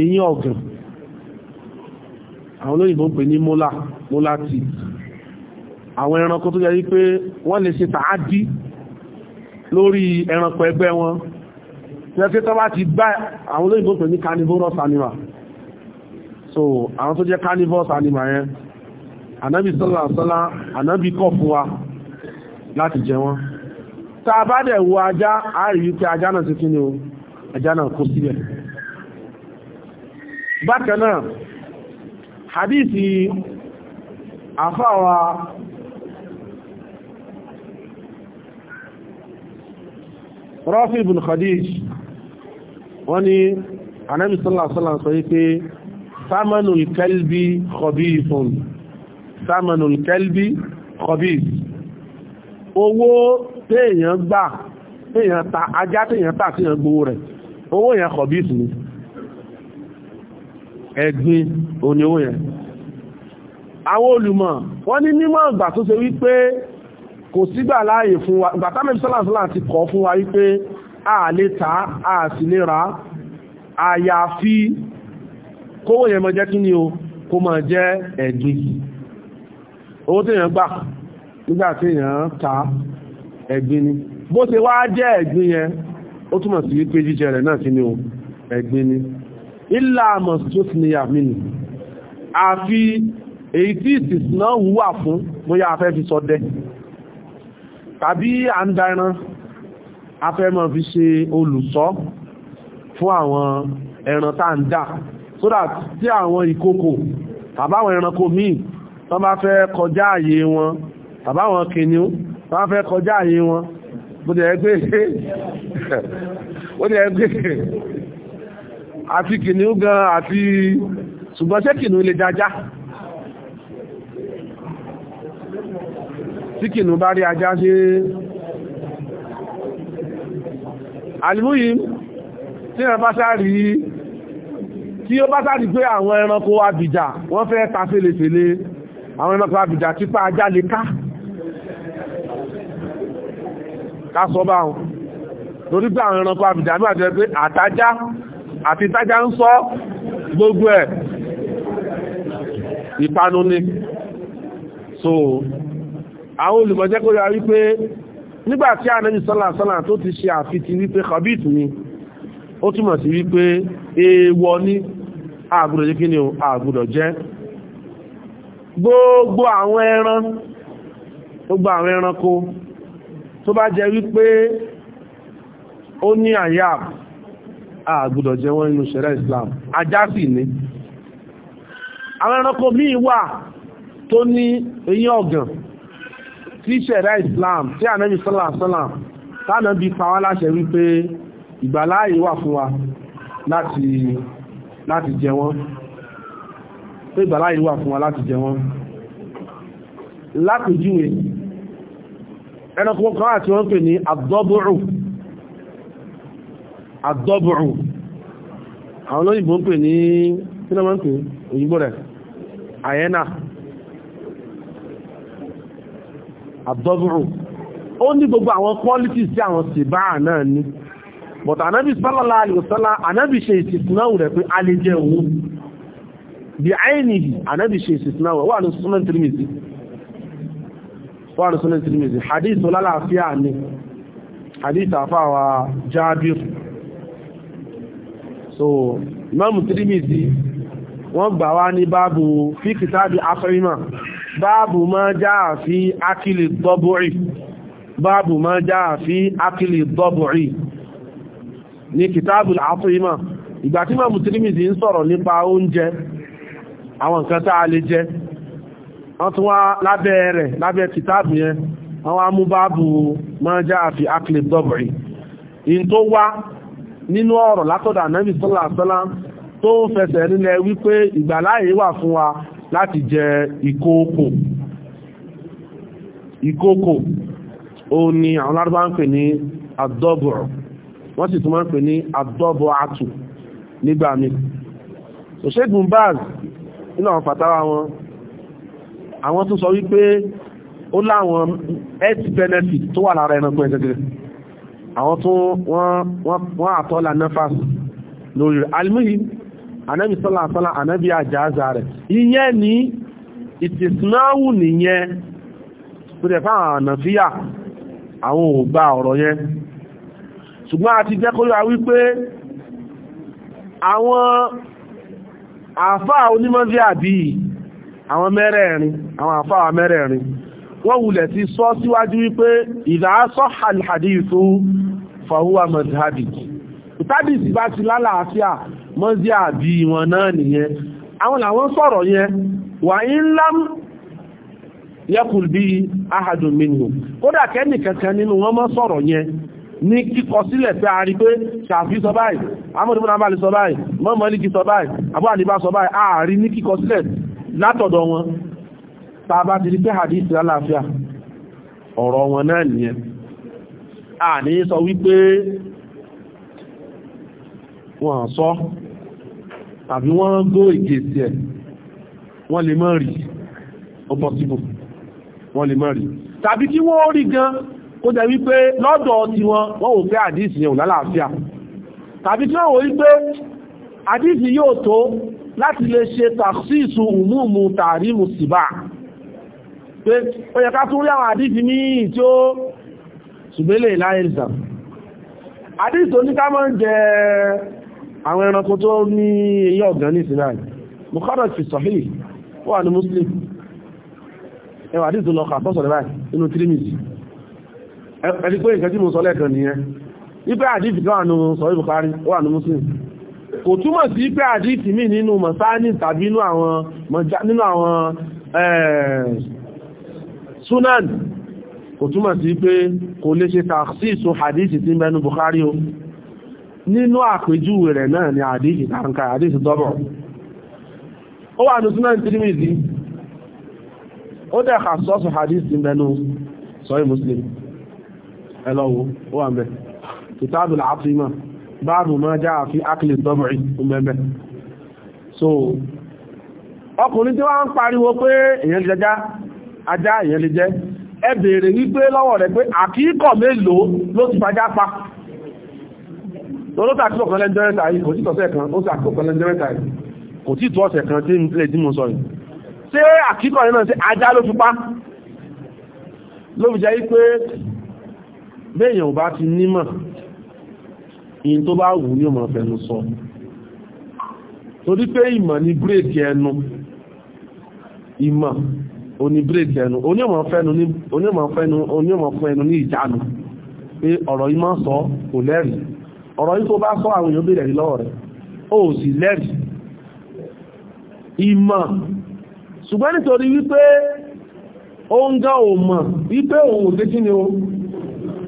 eyín ọ̀gàn àwọn olóyìnbó ń pè ní molar molar teeth àwọn ẹranko tó jẹ́ wípé wọ́n lè ṣe tàádí lórí ẹranko ẹgbẹ́ wọn tí wọ́n ti tọ́ bá ti gbá àwọn olóyìnbó pè ní carnivorous animal so àwọn tó jẹ́ carnivores animal yẹn ànábì sọ́lá sọ́lá ànábì kọ̀ fún wa láti jẹ wọ́n tá a bá dẹ̀ wo ajá a rí wípé ajá náà ti kí ni o ajá náà kó sílẹ̀ bákan náà hadithi àfáwa Rafi ibn Khadij wọ́n ní ànábì sọ́lá sọ́lá sọ wípé samanul kalbi khabithun samanul kalbi khabith owó téèyàn gbà téèyàn ta ajá téèyàn tà téèyàn gbowó rẹ̀ owó yẹn khabith ni ẹ̀gbin òní owó yẹn àwọn olùmọ̀ wọ́n ní mímọ̀ ìgbà tó ṣe wípé kò sígbà láàyè fún wa ìgbà tá mẹ́bí sọ́làsọ́là ti kọ̀ fún wa wípé a lè ta a sì lè ra àyàfi kówó yẹn mọ́ jẹ́ kí ni o kó mọ́ jẹ́ ẹ̀gbin owó tí èèyàn gbà nígbà èèyàn ta ẹ̀gbin ni bó ṣe wá jẹ́ ẹ̀gbin yẹn ó túmọ̀ sí pé jíjẹ rẹ̀ náà kí ni o ẹ̀gbin ni ilá àmọ̀ tó ti ní yàmí ni àfi èyí tí ìsìsìná wúwà fún bóyá afẹ́ fi sọdẹ tàbí à ń dáran afẹ́ mọ́ fi ṣe olùṣọ́ fún àwọn ẹran tá ń dà so that tí àwọn ìkòkò tàbáwọn ẹranko míì tán bá fẹ́ kọjá àyè wọn tàbáwọn kìnìún tán bá fẹ́ kọjá àyè wọn bó ti ẹgbẹ́ ó ti ẹgbẹ́ àti kìnìún gan àti ṣùgbọ́n ṣé kìnìún lè jajá tí kìnìún bá rí ajá ṣe alimuyi tí wọ́n bá sáà rí tí ó bá sáàdì pé àwọn ẹranko abìjà wọ́n fẹ́ ta fèlèfèlè àwọn ẹranko abìjà típa ajá lè ká ká sọ bá wọn torí pé àwọn ẹranko abìjà ní àjẹ́ pé àtajá àti tájá ń sọ gbogbo ẹ̀ ìpanu ni so àwọn olùmọ̀jẹ́ kó yá wípé nígbàtí ànẹ́bí sọ́làsọ́là tó ti ṣe àfitì wípé khabith ni ó túmọ̀ sí wípé èèwọ̀ ni àgùdọ̀ jẹ́ kí ni o àgùdọ̀ jẹ́ gbogbo àwọn ẹran gbogbo àwọn ẹranko tó bá jẹ́ wípé ó ní àyà àgùdọ̀ jẹ wọ́n nínú ṣẹ̀rẹ̀ Islam ajá sì ní àwọn ẹranko míì wà tó ní eyín ọ̀gàn tí ṣẹ̀rẹ̀ Islam tí ànẹ́bí sọ́làsọ́là tánàbí pàwọ́ láṣẹ wípé láti láti jẹ wọ́n pé ìgbàláyé wà fún wa láti jẹ wọ́n lápèjúwe ẹranko kan àti wọ́n pè ní àdọ́bùrù àdọ́bùrù àwọn olóyìnbó ń pè ní sínúmọ́ ń pè òyìnbó rẹ̀ àyẹ́nà àdọ́bùrù ó ní gbogbo àwọn qualities tí àwọn sìbáà náà ní but anábì sálàlá àlùsálà anábì ṣe ìsìsìnáwò rẹ̀ pé a lè jẹ òun bí àìníhì anábì ṣe ìsìsìnáwò wà ní sunan Tirmidhi wà ní sunan Tirmidhi hadith lálàáfíà ni hadith àfáwà Jábir so imamu Tirmidhi wọ́n gbà wá ní báàbù fi kìtàbí afẹ́rímà báàbù ma jáà fi akílì dọ́bùrì báàbù ma jáà fi akílì dọ́bùrì ní kìtàbùl àtúímà ìgbà tí máa ń sọ̀rọ̀ nípa oúnjẹ àwọn nǹkan tá a lè jẹ wọ́n tún wá lábẹ́ rẹ̀ lábẹ́ kìtàbù yẹn wọ́n wá mú báàbù máa àfi akílẹ̀ dọ́bùrì in tó wá nínú ọ̀rọ̀ látọ̀dà wa ìkókò ìkókò ni àwọn lárúbá ń pè wọ́n sì tún máa ń pè ní àdọ́bọ̀ àtù nígbà mi òṣègùn báàz nínú àwọn fàtàwà wọn àwọn tún sọ wípé ó láwọn health benefit tó wà lára ẹranko ẹ̀gẹ́gẹ́ àwọn tún wọ́n àtọ́là nefas lórí alimuhi anabi sọ́là sọ́là anabi àjáàzà rẹ̀ ìyẹn ní ìtìsínáwù nìyẹn tó ànàfíà àwọn ò ọ̀rọ̀ yẹn ṣùgbọ́n a ti jẹ́ kó yá wípé àwọn àfáà onímọ̀sí àbí àwọn mẹ́rẹ̀ẹ̀rin àwọn àfáà mẹ́rẹ̀ẹ̀rin wọ́n wulẹ̀ ti sọ síwájú wípé idha sahha al-hadithu fahuwa madhhabi ìtàdìsì bá ti lálàáfíà mọ́sí àbí wọn náà nìyẹn àwọn làwọn sọ̀rọ̀ yẹn wà in lam yakul bi nínú wọn mọ́ sọ̀rọ̀ yẹn ní kíkọ sílẹ̀ pé a rí pé ṣàfí sọ báyìí amọ́dé múnà báyìí sọ báyìí mọ́mọ́ ní kí sọ báyìí àbúrà ní bá sọ báyìí a rí ní kíkọ sílẹ̀ látọ̀dọ̀ wọn tàbá ti rí pé hadith lálàáfíà ọ̀rọ̀ wọn náà nìyẹn a ní sọ wípé wọ́n sọ tàbí wọ́n gó ìgbésí ẹ̀ wọ́n lè mọ́ rí ó pọ̀ síbò wọ́n lè mọ́ rí tàbí kí wọ́n rí gan kó jẹ́ wípé lọ́dọ̀ ti wọn wọ́n ò fẹ́ àdísì yẹn lálàáfíà tàbí tí wọ́n wò wípé àdísì yóò tó láti lè ṣe tàṣíṣù umumu tàrímù síbà pé ó yẹ ká tún rí àwọn àdísì míì tí ó ṣùgbélé láìsà àdísì tó ní ká mọ́ jẹ àwọn ẹranko tó ní eyín ọ̀gán ní sinai mukharat fi sahih wà ní muslim ẹwà àdísì tó lọ kà sọ́sọ̀ rẹ̀ báyìí ẹ̀rí pé nǹkan tí mo sọ lẹ́ẹ̀kan nìyẹn wípé àdífì kan àánú sọ ìbùkárí ó wà ní muslim kò túmọ̀ sí pé àdífì mí nínú mọ̀sáánì tàbí nínú àwọn sunan kò túmọ̀ sí pé kò lè ṣe tàṣíṣù àdífì tí ń bùkárí o nínú àpèjúwe rẹ̀ náà ni àdífì tàǹkà àdífì dọ́bọ̀ ó wà ní sunan Tirmidhi ó dẹ̀ kà sọ́sù àdífì ń bẹnu sọ́yí muslim ẹlọ́wọ́ ó wà mẹ́ kìtàbù al-atima báàbù máa já àfi akìlì dọ́bìrì mẹ́mẹ́ so ọkùnrin tí wọ́n ń pariwo pé èyàn lè jẹjá ajá èyàn lè jẹ ẹ bèèrè wípé lọ́wọ́ rẹ̀ pé àkíkọ̀ mélòó ló ti fajá pa lọ́lọ́ta àti ọ̀kan lẹ́ndẹ́rẹ́ta yìí kò títọ́ ọ̀sẹ̀ kan ó sì àkókò lẹ́ndẹ́rẹ́ta yìí kò títọ́ ọ̀sẹ̀ kan tí ilé tí mo sọ yìí ṣé pa ló fi jẹ́ wípé bẹ́yàn ò bá ti nímọ̀ in tó bá wù ní ọmọ fẹnu sọ torí pé ìmọ̀ ni bírèkì ẹnu ìmọ̀ oní bírèkì ẹnu oníọmọ̀ fẹnu ní ìjánu pé ọ̀rọ̀ yìí máa sọ kò lẹ́rì ọ̀rọ̀ yìí tó bá sọ àwọn èèyàn bèèrè lọ́wọ́ rẹ̀ ó sì lẹ́rì ìmọ̀ ṣùgbọ́n nítorí wípé ó ń gá òmọ̀ wípé òun ò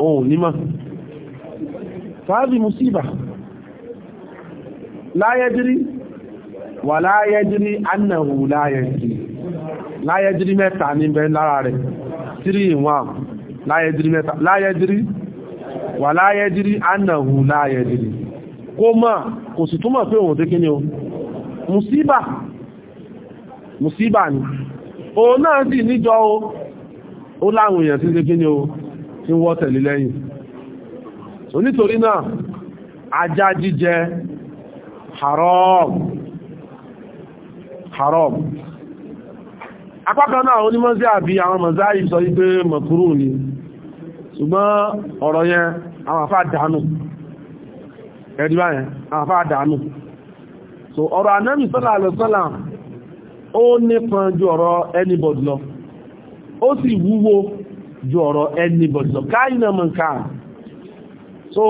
òun nímọ̀ fàábì musíbà láyẹ́dírí wà láyẹ́dírí annahu láyẹ́dírí láyẹ́dírí mẹ́ta ní bẹ lára rẹ̀ 3 in 1 láyẹ́dírí mẹ́ta láyẹ́dírí wà láyẹ́dírí annahu láyẹ́dírí kó mọ̀ kò sì túmọ̀ pé òun dékí ni o musíbà musíbà ni òun náà sì níjọ o ó láwọn èèyàn sí dékí ni o tí wọ́n tẹ̀lé lẹ́yìn so nítorí náà ajá jíjẹ haram haram apákan náà onímọ́sí àbí àwọn mọ̀sáì sọ wípé mọ̀kúrú ni ṣùgbọ́n ọ̀rọ̀ yẹn àwọn àfáà dánù ẹ̀dìbá yẹn àwọn àfáà dánù so ọ̀rọ̀ anẹ́mì sọ́là àlọ́sọ́là ó nípan ju ọ̀rọ̀ anybody lọ ó sì wúwo ju ọ̀rọ̀ anybody lọ káyínà mọ̀ nǹkan so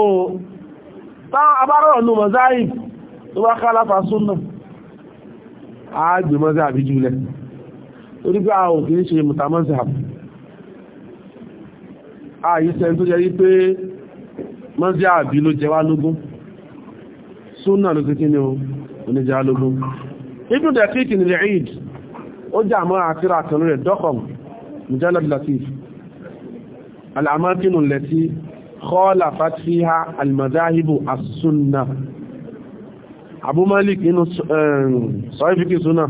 táwọn abárọ̀ ọ̀nà mọ̀sáì tó bá kálàfà súnnà ààgbè mọ́sí àbí jùlẹ̀ torí pé àwọn òkèrè ṣe mọ̀tàmọ́sí àbú ààyíṣẹ́ tó jẹ́ wípé mọ́sí àbí ló jẹ wá lógún súnnà ló kíkí ni oníjẹ wá lógún ibn daqiq ni al-Eid ó jà mọ́ àtírà kan rẹ̀ dọ́kọ̀m mujallad latif الأماكن التي خالفت فيها المذاهب السنة Abu Malik inú sọ́ífíkì súnà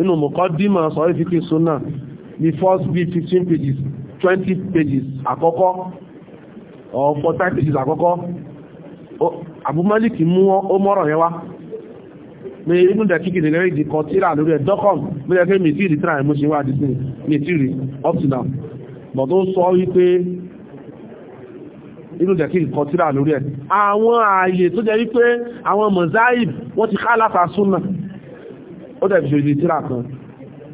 inú mọ̀kọ́dímọ̀ sọ́ífíkì súnà ní first bí 15 pages 20 pages àkọ́kọ́ or 45 pages àkọ́kọ́ Abu Malik mú ó mọ́rọ̀ yẹn wá ní inú dẹ̀ kíkì lẹ́rẹ́ ìdíkọ̀ tíra lórí ẹ̀dọ́kọ̀m bọ̀ tó sọ wípé inú jẹ́ kí nǹkan tíra lórí ẹ̀ àwọn ààyè tó jẹ́ wípé àwọn mọ̀záìb wọ́n ti kálàfà súnà ó dẹ̀ fi ṣe tíra kan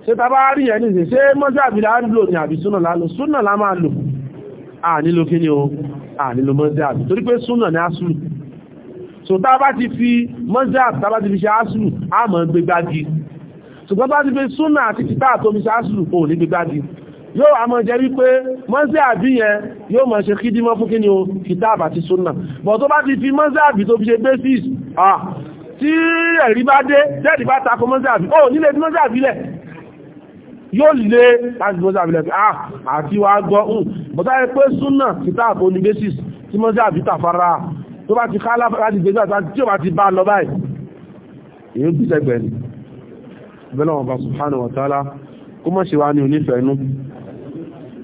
ṣe tàbá rí ẹni ṣe ṣe mọ́záìb láàrínlò ní àbí súnà lálò súnà lá máa lò ànílò kí ni o ànílò mọ́záìb torí pé súnà ní asùlù so tá bá ti fi mọ́záìb tá bá ti fi ṣe asùlù á mọ̀ gbégbági ṣùgbọ́n bá ti fi súnà àti kìtà tó fi ṣe asùlù kò ní gbégbági yóò àmọ́ jẹ́ wípé mọ́sẹ́ àbí yẹn yóò mọ̀ ṣe kídímọ́ fún kíni o kìtàbà àti súnà bọ̀ tó bá ti fi mọ́sẹ́ àbí tó fi ṣe basis tí ẹ̀rí bá dé jẹ́ẹ̀dì bá takọ mọ́sẹ́ àbí ó nílé tí mọ́sẹ́ àbí lẹ̀ yóò lè láti mọ́sẹ́ àbí lẹ̀ àti wá gbọ́ bọ̀tá ẹ pé súnà kìtàbà ní basis tí mọ́sẹ́ àbí tàfara tó bá ti ká láti gbèsè àti tí ó bá ti bá lọ báyìí èyí bí ni bẹ́lẹ̀ ṣe wá ní onífẹ̀ẹ́nú